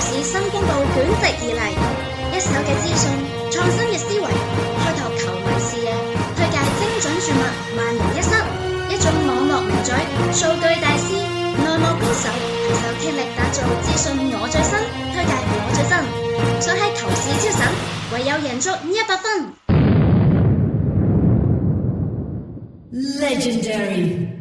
市新風暴卷席而嚟，一手嘅資訊，創新嘅思維，開拓球迷視野，推介精準注物，萬無一失。一種網絡名嘴，數據大師，內幕高手，攜手傾力打造資訊我最新，推介我最新，想喺投市超神，唯有贏足一百分。Legendary。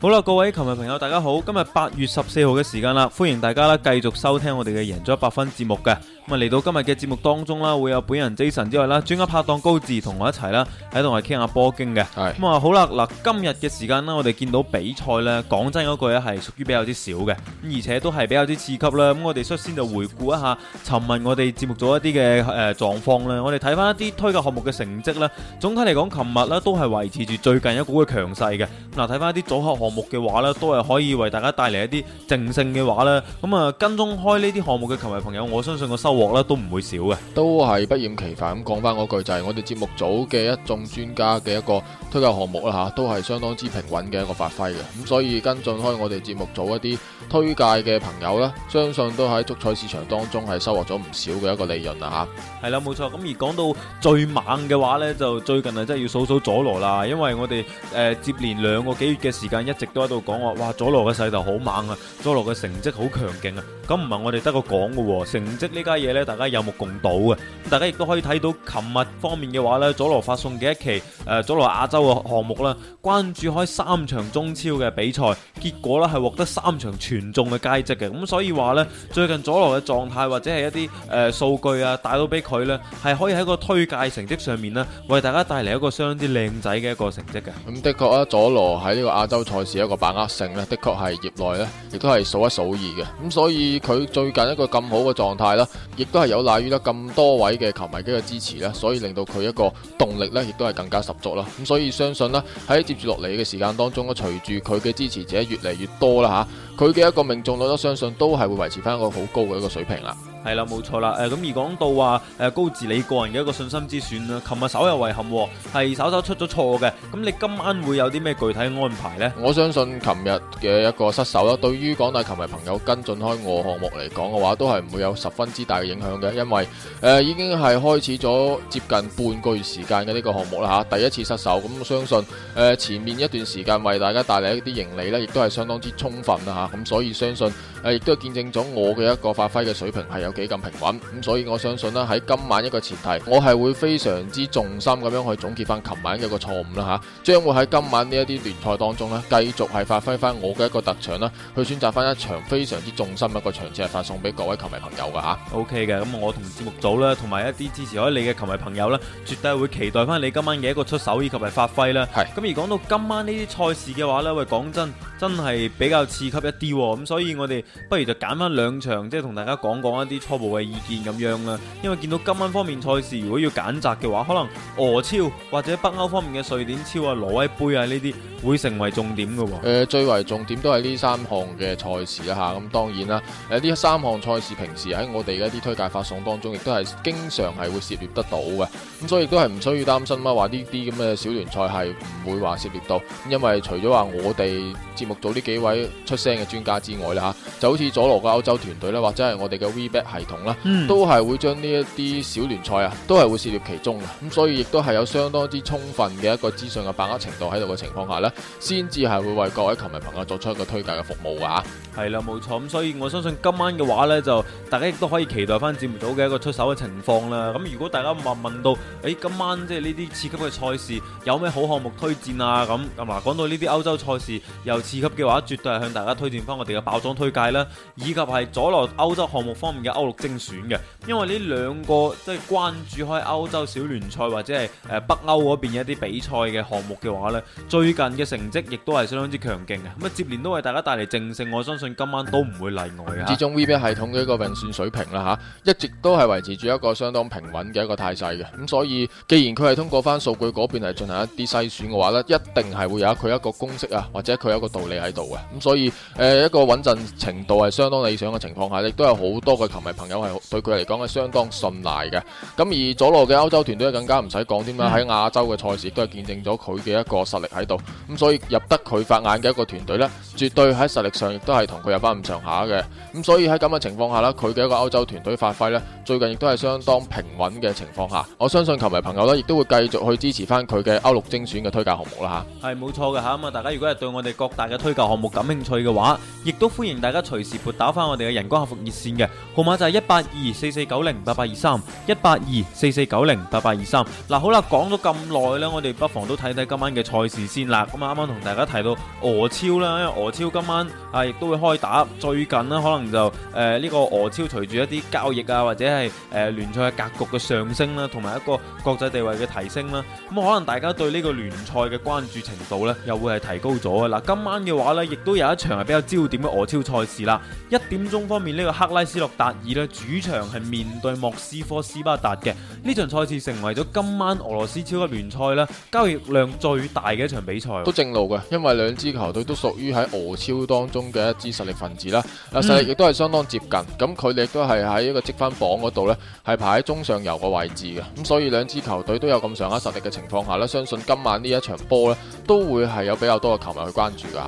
好啦，各位球迷朋友，大家好！今日八月十四號嘅時間啦，歡迎大家啦，繼續收聽我哋嘅贏足 100FUN 節目嘅。咁啊嚟到今日嘅節目當中啦，會有本人 Jason 之外啦，專家拍檔高志同我一齊啦，喺度係傾下波經嘅。咁啊的、嗯，好啦，嗱今日嘅時間啦，我哋見到比賽咧，講真嗰句咧，係屬於比較之少嘅，而且都係比較之次級啦。咁、嗯、我哋率先就回顧一下，尋日我哋節目組一啲嘅誒狀況啦，我哋睇翻一啲推介項目嘅成績啦，總體嚟講，琴日咧都係維持住最近一股嘅強勢嘅。嗱，睇翻一啲組合項目嘅話咧，都係可以為大家帶嚟一啲正性嘅話咧，咁、嗯、啊、嗯、跟蹤開呢啲項目嘅球迷朋友，我相信個收穫獲咧都唔會少嘅，都係不厭其煩咁講翻嗰句，就係、是、我哋節目組嘅一眾專家嘅一個推介項目啦，吓、啊、都係相當之平穩嘅一個發揮嘅，咁、啊、所以跟進開我哋節目組一啲推介嘅朋友啦、啊，相信都喺足彩市場當中係收穫咗唔少嘅一個利潤啊，吓，係啦，冇錯，咁而講到最猛嘅話呢，就最近啊，真係要數數佐羅啦，因為我哋誒、呃、接連兩個幾月嘅時間，一直都喺度講話，哇，佐羅嘅勢頭好猛啊，佐羅嘅成績好強勁啊，咁唔係我哋得個講嘅，成績呢家嘢。咧，大家有目共睹嘅，大家亦都可以睇到，琴日方面嘅話咧，佐羅發送嘅一期誒，佐羅亞洲嘅項目啦，關注開三場中超嘅比賽，結果咧係獲得三場全中嘅佳績嘅，咁所以話咧，最近佐羅嘅狀態或者係一啲誒數據啊，帶到俾佢咧，係可以喺個推介成績上面咧，為大家帶嚟一個相當靚仔嘅一個成績嘅。咁的確啊，佐羅喺呢個亞洲賽事一個把握性咧，的確係業內咧亦都係數一數二嘅，咁所以佢最近一個咁好嘅狀態啦。亦都係有賴於咧咁多位嘅球迷嘅支持咧，所以令到佢一個動力咧，亦都係更加十足啦。咁所以相信咧喺接住落嚟嘅時間當中咧，隨住佢嘅支持者越嚟越多啦吓，佢嘅一個命中率都相信都係會維持翻一個好高嘅一個水平啦。係啦，冇錯啦。誒，咁而講到話誒高治理個人嘅一個信心之選啦。琴日稍有遺憾，係稍稍出咗錯嘅。咁你今晚會有啲咩具體安排呢？我相信琴日嘅一個失手啦，對於廣大球迷朋友跟進開我項目嚟講嘅話，都係唔會有十分之大嘅影響嘅。因為誒已經係開始咗接近半個月時間嘅呢個項目啦，吓第一次失手。咁相信誒前面一段時間為大家帶嚟一啲盈利呢，亦都係相當之充分啦，吓。咁所以相信誒亦都係見證咗我嘅一個發揮嘅水平係有。幾咁平穩咁，所以我相信咧喺今晚一個前提，我係會非常之重心咁樣去總結翻琴晚嘅一個錯誤啦吓，將會喺今晚呢一啲聯賽當中咧，繼續係發揮翻我嘅一個特長啦，去選擇翻一場非常之重心一個場次嚟發送俾各位球迷朋友噶吓。O K 嘅，咁我同節目組咧，同埋一啲支持開你嘅球迷朋友呢，絕對係會期待翻你今晚嘅一個出手以及係發揮啦。係咁的而講到今晚呢啲賽事嘅話呢，喂，講真。真係比較刺激一啲，咁所以我哋不如就揀翻兩場，即係同大家講講一啲初步嘅意見。咁樣啦。因為見到今晚方面賽事，如果要揀擇嘅話，可能俄超或者北歐方面嘅瑞典超啊、挪威杯啊呢啲會成為重點嘅誒、呃、最為重點都係呢三項嘅賽事啦吓，咁當然啦，誒、啊、呢三項賽事平時喺我哋嘅一啲推介發送當中，亦都係經常係會涉獵得到嘅。咁所以都係唔需要擔心啦，話呢啲咁嘅小聯賽係唔會話涉獵到，因為除咗話我哋接目組呢幾位出聲嘅專家之外啦吓，就好似佐羅嘅歐洲團隊啦，或者係我哋嘅 w e b 系統啦，都係會將呢一啲小聯賽啊，都係會涉獵其中嘅。咁所以亦都係有相當之充分嘅一個資訊嘅把握程度喺度嘅情況下咧，先至係會為各位球迷朋友作出一個推介嘅服務啊，係啦，冇錯。咁所以我相信今晚嘅話咧，就大家亦都可以期待翻節目組嘅一個出手嘅情況啦。咁如果大家問問到，誒、欸、今晚即係呢啲次級嘅賽事有咩好項目推薦啊？咁咁嗱，講到呢啲歐洲賽事，又二級嘅話絕對係向大家推薦翻我哋嘅爆莊推介啦，以及係佐羅歐洲項目方面嘅歐陸精選嘅，因為呢兩個即係關注開歐洲小聯賽或者係誒北歐嗰邊嘅一啲比賽嘅項目嘅話呢，最近嘅成績亦都係相當之強勁嘅，咁啊接連都為大家帶嚟正勝，我相信今晚都唔會例外啊！始終 VBA 系統嘅一個運算水平啦吓、啊，一直都係維持住一個相當平穩嘅一個態勢嘅，咁所以既然佢係通過翻數據嗰邊嚟進行一啲篩選嘅話呢，一定係會有一佢一個公式啊，或者佢有一個道。你喺度嘅。咁，所以誒、呃、一個穩陣程度係相當理想嘅情況下，亦都有好多嘅球迷朋友係對佢嚟講係相當信賴嘅。咁而佐羅嘅歐洲團隊更加唔使講添啦，喺亞洲嘅賽事都係見證咗佢嘅一個實力喺度。咁、嗯、所以入得佢法眼嘅一個團隊咧，絕對喺實力上亦都係同佢有翻咁上下嘅。咁、嗯、所以喺咁嘅情況下咧，佢嘅一個歐洲團隊發揮咧，最近亦都係相當平穩嘅情況下，我相信球迷朋友咧亦都會繼續去支持翻佢嘅歐陸精選嘅推介項目啦吓，係冇錯嘅吓，咁啊大家如果係對我哋各大嘅推介項目感興趣嘅話，亦都歡迎大家隨時撥打翻我哋嘅人工客服熱線嘅號碼就係一八二四四九零八八二三一八二四四九零八八二三嗱好啦，講咗咁耐呢，我哋不妨都睇睇今晚嘅賽事先啦。咁啊，啱啱同大家提到俄超啦，因為俄超今晚啊亦都會開打。最近呢，可能就誒呢個俄超隨住一啲交易啊，或者係誒聯賽嘅格局嘅上升啦，同埋一個國際地位嘅提升啦，咁啊可能大家對呢個聯賽嘅關注程度呢又會係提高咗嘅。嗱，今晚。嘅話咧，亦都有一場係比較焦點嘅俄超賽事啦。一點鐘方面，呢個克拉斯洛達爾咧主場係面對莫斯科斯巴達嘅呢場賽事，成為咗今晚俄羅斯超級聯賽咧交易量最大嘅一場比賽。都正路嘅，因為兩支球隊都屬於喺俄超當中嘅一支實力分子啦。啊，實力亦都係相當接近咁，佢哋都係喺一個積分榜嗰度呢係排喺中上游嘅位置嘅。咁所以兩支球隊都有咁上下實力嘅情況下呢，相信今晚呢一場波呢都會係有比較多嘅球迷去關注噶。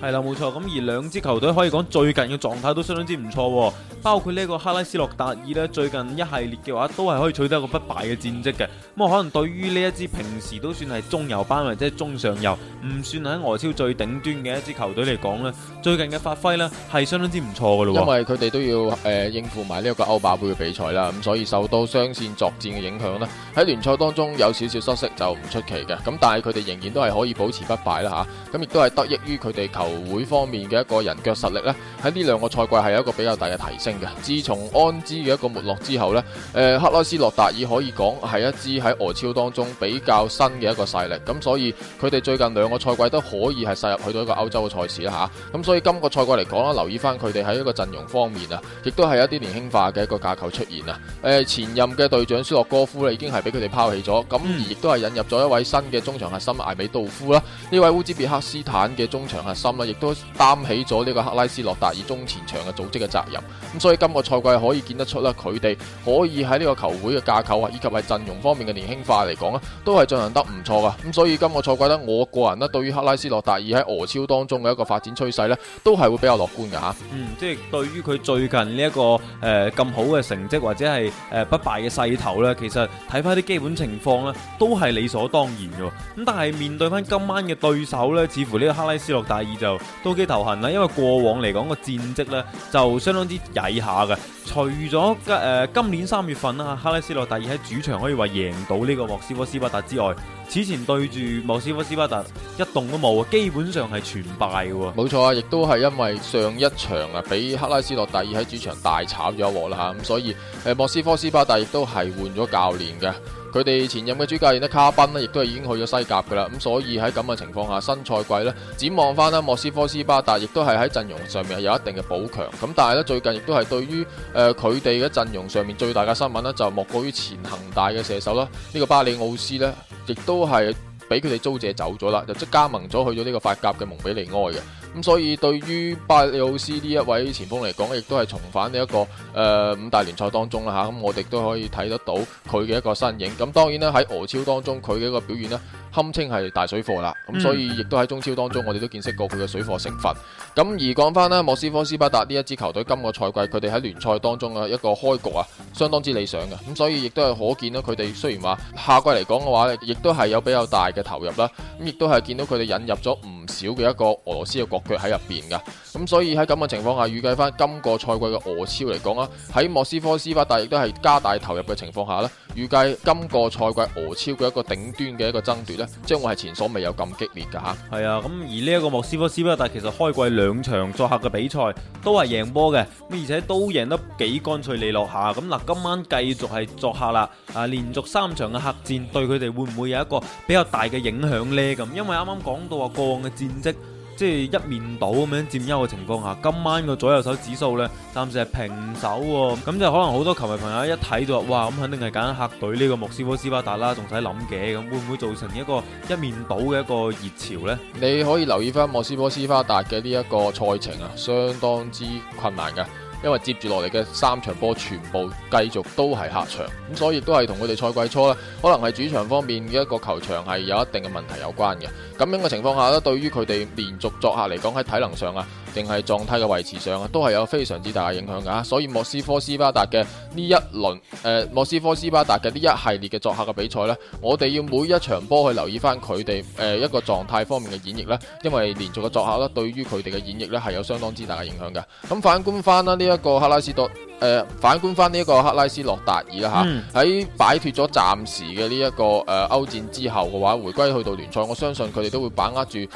係啦，冇錯。咁而兩支球隊可以講最近嘅狀態都相當之唔錯，包括呢個克拉斯諾達爾呢最近一系列嘅話都係可以取得一個不敗嘅戰績嘅。咁啊，可能對於呢一支平時都算係中游班或者中上游，唔算喺俄超最頂端嘅一支球隊嚟講呢最近嘅發揮呢係相當之唔錯噶咯。因為佢哋都要誒、呃、應付埋呢一個歐霸杯嘅比賽啦，咁所以受到雙線作戰嘅影響呢喺聯賽當中有少少失色就唔出奇嘅。咁但係佢哋仍然都係可以保持不敗啦吓，咁、啊、亦都係得益於佢哋球。會方面嘅一個人腳實力呢，喺呢兩個賽季係有一個比較大嘅提升嘅。自從安芝嘅一個沒落之後呢，誒、呃，克拉斯諾達爾可以講係一支喺俄超當中比較新嘅一個勢力。咁所以佢哋最近兩個賽季都可以係殺入去到一個歐洲嘅賽事啦吓。咁、啊、所以今個賽季嚟講啦，留意翻佢哋喺一個陣容方面啊，亦都係一啲年輕化嘅一個架構出現啊。誒、呃，前任嘅隊長舒洛哥夫啦，已經係俾佢哋拋棄咗，咁而亦都係引入咗一位新嘅中場核心艾美杜夫啦。呢位烏茲別克斯坦嘅中場核心。亦都擔起咗呢個克拉斯諾達爾中前場嘅組織嘅責任，咁、嗯、所以今個賽季可以見得出啦，佢哋可以喺呢個球會嘅架構啊，以及係陣容方面嘅年輕化嚟講啊，都係進行得唔錯噶。咁、嗯、所以今個賽季呢，我個人咧，對於克拉斯諾達爾喺俄超當中嘅一個發展趨勢呢，都係會比較樂觀嘅吓、啊。嗯，即、就、係、是、對於佢最近呢、這、一個誒咁、呃、好嘅成績或者係誒、呃、不敗嘅勢頭呢，其實睇翻啲基本情況呢，都係理所當然嘅。咁但係面對翻今晚嘅對手呢，似乎呢個克拉斯諾達爾就都幾頭痕啦，因為過往嚟講個戰績呢就相當之曳下嘅。除咗誒、呃、今年三月份啊，哈，克拉斯洛第二喺主場可以話贏到呢個莫斯科斯巴達之外，此前對住莫斯科斯巴達一動都冇啊，基本上係全敗嘅。冇錯啊，亦都係因為上一場啊，俾克拉斯洛第二喺主場大炒咗一鑊啦，吓咁所以誒莫斯科斯巴達亦都係換咗教練嘅。佢哋前任嘅主教練咧卡賓咧，亦都係已經去咗西甲噶啦，咁所以喺咁嘅情況下，新賽季咧，展望翻咧莫斯科斯巴達，亦都係喺陣容上面有一定嘅補強。咁但係咧最近亦都係對於誒佢哋嘅陣容上面最大嘅新聞咧，就莫過於前恒大嘅射手啦，呢、這個巴里奧斯咧，亦都係俾佢哋租借走咗啦，就即加盟咗去咗呢個法甲嘅蒙彼利埃嘅。咁所以對於巴里奧斯呢一位前鋒嚟講，亦都係重返呢一個、呃、五大聯賽當中咁、嗯、我哋都可以睇得到佢嘅一個身影。咁、嗯、當然咧喺俄超當中佢嘅一個表現咧，堪稱係大水貨啦，咁所以亦都喺中超當中，我哋都見識過佢嘅水貨成分。咁而講翻啦，莫斯科斯巴達呢一支球隊，今個賽季佢哋喺聯賽當中嘅一個開局啊，相當之理想嘅。咁所以亦都係可見到佢哋雖然話下季嚟講嘅話，亦都係有比較大嘅投入啦。咁亦都係見到佢哋引入咗唔少嘅一個俄羅斯嘅國腳喺入邊嘅。咁所以喺咁嘅情況下，預計翻今個賽季嘅俄超嚟講啊，喺莫斯科斯巴達亦都係加大投入嘅情況下呢，預計今個賽季俄超嘅一個頂端嘅一個爭奪，將會係前所未有咁激烈噶吓，係啊，咁、啊、而呢一個莫斯科斯威但其實開季兩場作客嘅比賽都係贏波嘅，咁而且都贏得幾乾脆利落下。咁嗱，今晚繼續係作客啦，啊，連續三場嘅客戰對佢哋會唔會有一個比較大嘅影響呢？咁因為啱啱講到話過往嘅戰績。即係一面倒咁樣佔優嘅情況下，今晚個左右手指數呢，暫時係平手喎、啊。咁就可能好多球迷朋友一睇到，哇，咁肯定係揀客隊呢個莫斯科斯巴達啦，仲使諗嘅？咁會唔會造成一個一面倒嘅一個熱潮呢？你可以留意翻莫斯科斯巴達嘅呢一個賽程啊，相當之困難嘅。因為接住落嚟嘅三場波全部繼續都係客場，咁所以都係同佢哋賽季初咧，可能係主場方面嘅一個球場係有一定嘅問題有關嘅。咁樣嘅情況下咧，對於佢哋連續作客嚟講，喺體能上啊。定係狀態嘅維持上啊，都係有非常之大嘅影響噶。所以莫斯科斯巴達嘅呢一輪，誒、呃、莫斯科斯巴達嘅呢一系列嘅作客嘅比賽呢，我哋要每一場波去留意翻佢哋誒一個狀態方面嘅演繹呢，因為連續嘅作客咧，對於佢哋嘅演繹呢係有相當之大嘅影響㗎。咁反觀翻呢一個克拉斯多。誒、呃、反觀翻呢一個克拉斯諾達爾啦嚇，喺、嗯、擺脱咗暫時嘅呢一個誒歐、呃、戰之後嘅話，回歸去到聯賽，我相信佢哋都會把握住呢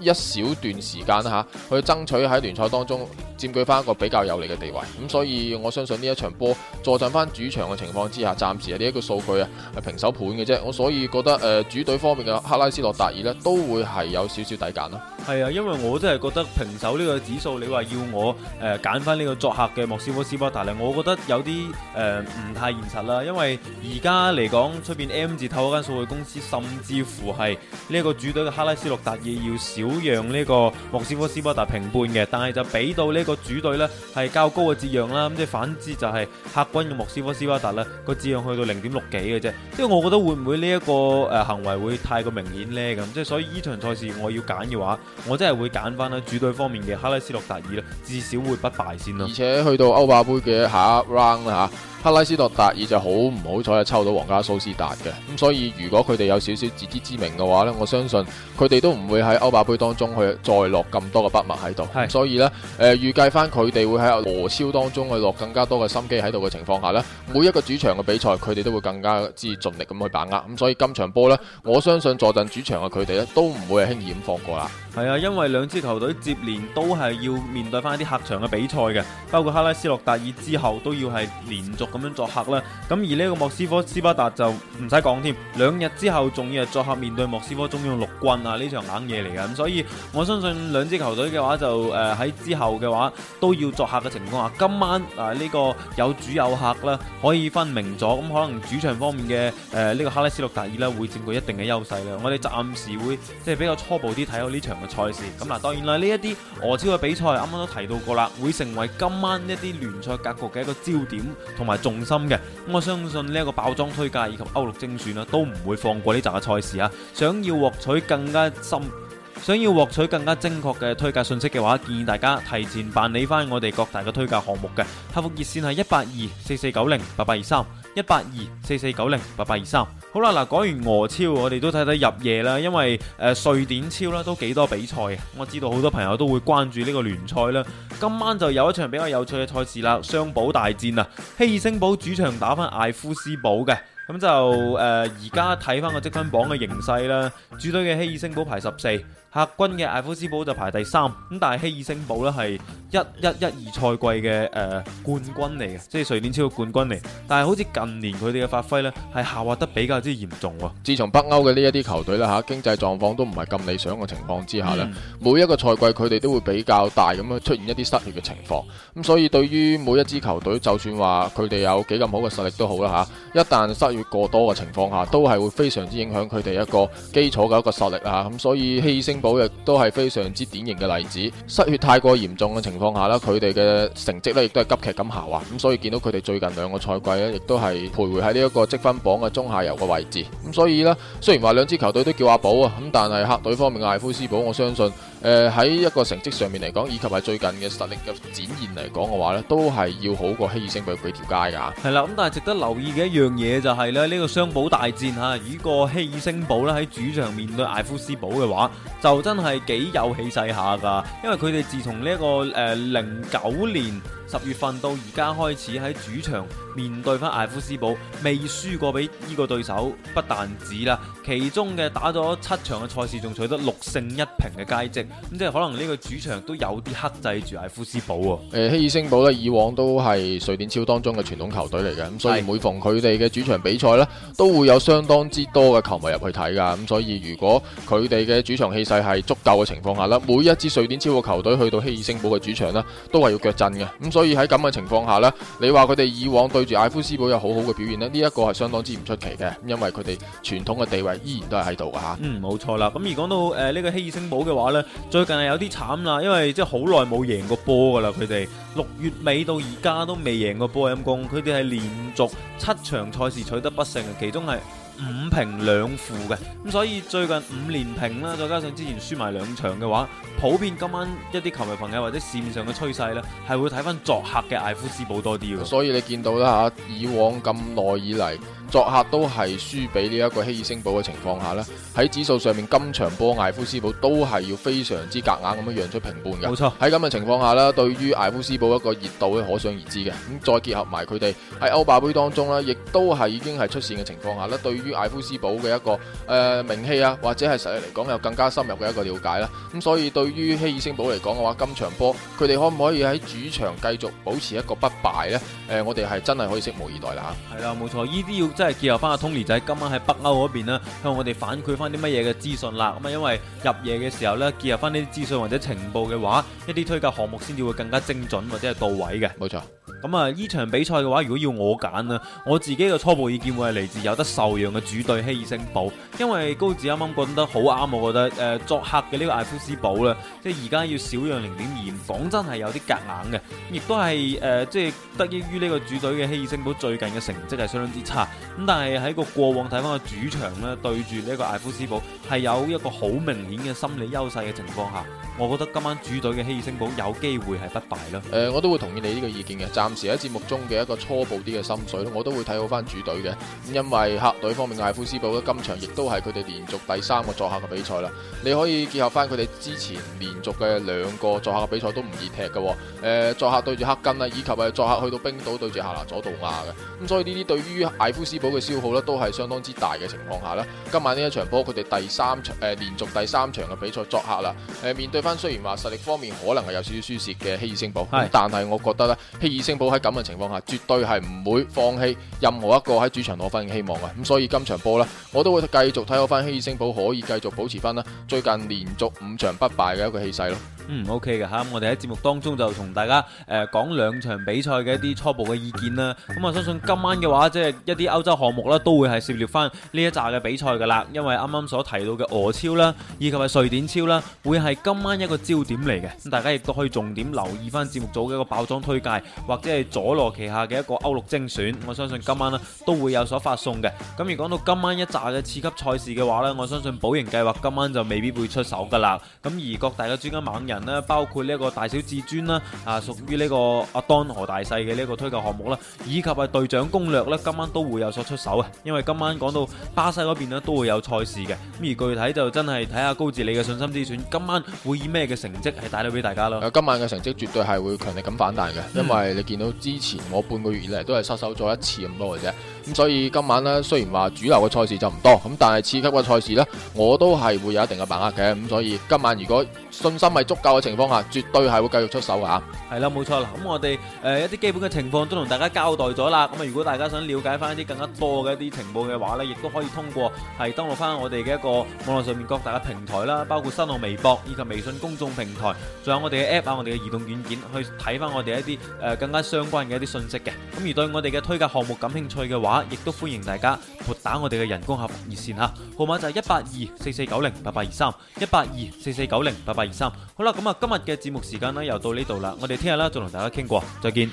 一小段時間啦、啊、去爭取喺聯賽當中，佔據翻一個比較有利嘅地位，咁所以我相信呢一場波坐上翻主場嘅情況之下，暫時係呢一個數據啊係平手盤嘅啫，我所以覺得誒、呃、主隊方面嘅克拉斯諾達爾咧都會係有少少抵揀咯。係啊，因為我真係覺得平手呢個指數，你話要我誒揀翻呢個作客嘅莫斯科斯巴達呢，我覺得有啲誒唔太現實啦。因為而家嚟講出邊 M 字頭嗰間數據公司，甚至乎係呢個主隊嘅克拉斯諾達爾要少讓呢個莫斯科斯巴達平半嘅，但係就俾到呢、這個。個主隊呢係較高嘅折讓啦，咁即係反之就係客軍嘅莫斯科斯巴達呢個折讓去到零點六幾嘅啫，即係我覺得會唔會呢一個誒行為會太過明顯呢？咁，即係所以呢場賽事我要揀嘅話，我真係會揀翻啦，主隊方面嘅哈拉斯洛達爾啦，至少會不敗先咯，而且去到歐霸盃嘅下一 round 克拉斯諾達爾就好唔好彩係，抽到皇家蘇斯達嘅，咁所以如果佢哋有少少自知之明嘅話咧，我相信佢哋都唔會喺歐霸盃當中去再落咁多嘅筆墨喺度，是所以咧，誒、呃，預計翻佢哋會喺俄超當中去落更加多嘅心機喺度嘅情況下呢，每一個主場嘅比賽，佢哋都會更加之盡力咁去把握，咁所以今場波呢，我相信坐陣主場嘅佢哋咧都唔會係輕易咁放過啦。係啊，因為兩支球隊接連都係要面對翻一啲客場嘅比賽嘅，包括哈拉斯諾達爾之後都要係連續咁樣作客啦。咁而呢個莫斯科斯巴達就唔使講添，兩日之後仲要係作客面對莫斯科中央陸軍啊，呢場冷嘢嚟嘅。咁所以我相信兩支球隊嘅話就誒喺、呃、之後嘅話都要作客嘅情況下，今晚啊呢、呢個有主有客啦，可以分明咗。咁可能主場方面嘅誒呢個哈拉斯諾達爾呢，會佔據一定嘅優勢喇。我哋暫時會即係比較初步啲睇到呢場。賽事咁，嗱，當然啦，呢一啲俄超嘅比賽，啱啱都提到過啦，會成為今晚一啲聯賽格局嘅一個焦點同埋重心嘅。咁我相信呢一個爆莊推介以及歐陸精選啦、啊，都唔會放過呢集嘅賽事啊！想要獲取更加深，想要獲取更加精確嘅推介信息嘅話，建議大家提前辦理翻，我哋各大嘅推介項目嘅客服熱線係一八二四四九零八八二三。一八二四四九零八八二三，好啦，嗱，講完俄超，我哋都睇睇入夜啦，因為誒、呃、瑞典超啦都幾多比賽嘅，我知道好多朋友都會關注呢個聯賽啦。今晚就有一場比較有趣嘅賽事啦，雙堡大戰啊，希爾星堡主場打返艾夫斯堡嘅，咁就誒而家睇返個積分榜嘅形勢啦，主隊嘅希爾星堡排十四。客軍嘅艾夫斯堡就排第三，咁但係希爾星堡咧係一一一二賽季嘅誒、呃、冠軍嚟嘅，即係瑞典超嘅冠軍嚟。但係好似近年佢哋嘅發揮呢係下滑得比較之嚴重。自從北歐嘅呢一啲球隊啦吓，經濟狀況都唔係咁理想嘅情況之下呢，嗯、每一個賽季佢哋都會比較大咁樣出現一啲失血嘅情況。咁、啊、所以對於每一支球隊，就算話佢哋有幾咁好嘅實力都好啦吓、啊，一旦失血過多嘅情況下，都係會非常之影響佢哋一個基礎嘅一個實力啊。咁所以希爾星。保亦都係非常之典型嘅例子，失血太過嚴重嘅情況下啦，佢哋嘅成績呢亦都係急劇咁下滑，咁所以見到佢哋最近兩個賽季呢，亦都係徘徊喺呢一個積分榜嘅中下游嘅位置，咁所以呢，雖然話兩支球隊都叫阿保啊，咁但係客隊方面嘅艾夫斯堡，我相信。誒喺、呃、一個成績上面嚟講，以及係最近嘅實力嘅展現嚟講嘅話呢都係要好過希爾星堡幾條街噶。係啦，咁但係值得留意嘅一樣嘢就係、係、咧、呢、呢個雙堡大戰嚇，如果希爾星堡咧喺主場面對艾夫斯堡嘅話，就真係幾有氣勢下噶，因為佢哋自從呢、呢個誒零九年。十月份到而家開始喺主場面對返艾夫斯堡，未輸過俾呢個對手，不但止啦，其中嘅打咗七場嘅賽事仲取得六勝一平嘅佳績，咁即係可能呢個主場都有啲克制住艾夫斯堡喎。誒，希爾星堡咧，以往都係瑞典超當中嘅傳統球隊嚟嘅，咁所以每逢佢哋嘅主場比賽咧，都會有相當之多嘅球迷入去睇噶，咁所以如果佢哋嘅主場氣勢係足夠嘅情況下咧，每一支瑞典超嘅球隊去到希爾星堡嘅主場咧，都係要腳震嘅，咁所所以喺咁嘅情況下呢，你話佢哋以往對住艾夫斯堡有好好嘅表現咧，呢一個係相當之唔出奇嘅，因為佢哋傳統嘅地位依然都係喺度嘅吓。嗯，冇錯啦。咁而講到誒呢個希爾星堡嘅話呢，最近係有啲慘啦，因為即係好耐冇贏過波嘅啦。佢哋六月尾到而家都未贏過波，陰公，佢哋係連續七場賽事取得不勝，其中係五平兩負嘅，咁所以最近五連平啦，再加上之前輸埋兩場嘅話，普遍今晚一啲球迷朋友或者市面上嘅趨勢呢，係會睇翻作客嘅艾夫斯堡多啲嘅。所以你見到啦吓，以往咁耐以嚟，作客都係輸俾呢一個希爾星堡嘅情況下呢，喺指數上面今場波艾夫斯堡都係要非常之夾硬咁樣讓出平半嘅。冇錯，喺咁嘅情況下呢，對於艾夫斯堡一個熱度咧，可想而知嘅。咁再結合埋佢哋喺歐霸杯當中呢，亦都係已經係出線嘅情況下呢，對於艾夫斯堡嘅一個誒、呃、名氣啊，或者係實力嚟講有更加深入嘅一個了解啦。咁所以對於希爾星堡嚟講嘅話，今場波佢哋可唔可以喺主場繼續保持一個不敗呢？誒，我哋係真係可以拭目以待啦嚇。係啦，冇錯，依啲要。即係結合翻阿 Tony 仔今晚喺北歐嗰邊啦，向我哋反饋翻啲乜嘢嘅資訊啦。咁 啊樂，因為入夜嘅時候咧，結合翻呢啲資訊或者情報嘅話，一啲推介項目先至會更加精準或者係到位嘅。冇 錯。咁啊！呢、嗯、場比賽嘅話，如果要我揀啊，我自己嘅初步意見會係嚟自有得受讓嘅主隊希爾聖堡，因為高子啱啱講得好啱，我覺得誒、呃、作客嘅呢個艾夫斯堡啦，即係而家要少讓零點二，講真係有啲夾硬嘅，亦都係誒即係得益於呢個主隊嘅希爾聖堡最近嘅成績係相當之差，咁但係喺個過往睇翻個主場呢，對住呢一個艾夫斯堡係有一個好明顯嘅心理優勢嘅情況下，我覺得今晚主隊嘅希爾聖堡有機會係不敗咯。誒、呃，我都會同意你呢個意見嘅，同時喺節目中嘅一個初步啲嘅心水，我都會睇好翻主隊嘅。因為客隊方面，嘅艾夫斯堡今場亦都係佢哋連續第三個作客嘅比賽啦。你可以結合翻佢哋之前連續嘅兩個作客嘅比賽都唔易踢嘅。誒、呃，作客對住黑金啦，以及誒作客去到冰島對住夏拿佐度亞嘅。咁所以呢啲對於艾夫斯堡嘅消耗呢，都係相當之大嘅情況下啦。今晚呢一場波，佢哋第三場誒、呃、連續第三場嘅比賽作客啦。誒、呃、面對翻雖然話實力方面可能係有少少輸蝕嘅希爾星堡，是但係我覺得呢。希爾星。都喺咁嘅情況下，絕對係唔會放棄任何一個喺主場攞分嘅希望嘅，咁、嗯、所以今場波呢，我都會繼續睇好翻希爾星堡可以繼續保持翻啦，最近連續五場不敗嘅一個氣勢咯。嗯，OK 嘅吓、嗯，我哋喺節目當中就同大家誒、呃、講兩場比賽嘅一啲初步嘅意見啦。咁、嗯、我相信今晚嘅話，即、就、係、是、一啲歐洲項目啦，都會係涉獵翻呢一扎嘅比賽噶啦。因為啱啱所提到嘅俄超啦，以及係瑞典超啦，會係今晚一個焦點嚟嘅。咁、嗯、大家亦都可以重點留意翻節目組嘅一個爆莊推介，或者係佐羅旗下嘅一個歐陸精選。我相信今晚啦都會有所發送嘅。咁、嗯、而講到今晚一扎嘅次級賽事嘅話咧，我相信保贏計劃今晚就未必會出手噶啦。咁、嗯、而各大嘅專家猛人咧，包括呢一個大小至尊啦，啊，屬於呢個阿當河大細嘅呢一個推介項目啦，以及係隊長攻略咧，今晚都會有所出手啊！因為今晚講到巴西嗰邊咧，都會有賽事嘅，咁而具體就真係睇下高智理嘅信心之選，今晚會以咩嘅成績係帶到俾大家咯？今晚嘅成績絕對係會強力咁反彈嘅，因為你見到之前我半個月以嚟都係失手咗一次咁多嘅啫。咁所以今晚咧，雖然話主流嘅賽事就唔多，咁但係次級嘅賽事咧，我都係會有一定嘅把握嘅。咁所以今晚如果信心係足夠嘅情況下，絕對係會繼續出手嘅嚇。係啦，冇錯啦。咁我哋誒一啲基本嘅情況都同大家交代咗啦。咁啊，如果大家想了解翻一啲更加多嘅一啲情報嘅話咧，亦都可以通過係登錄翻我哋嘅一個網絡上面各大嘅平台啦，包括新浪微博以及微信公眾平台，仲有我哋嘅 App 啊，我哋嘅移動軟件去睇翻我哋一啲誒更加相關嘅一啲信息嘅。咁而對我哋嘅推介項目感興趣嘅話，亦都歡迎大家撥打我哋嘅人工客服熱線吓，號碼就係一八二四四九零八八二三，一八二四四九零八八二三。23, 好啦，咁啊今日嘅節目時間咧又到呢度啦，我哋聽日咧再同大家傾過，再見。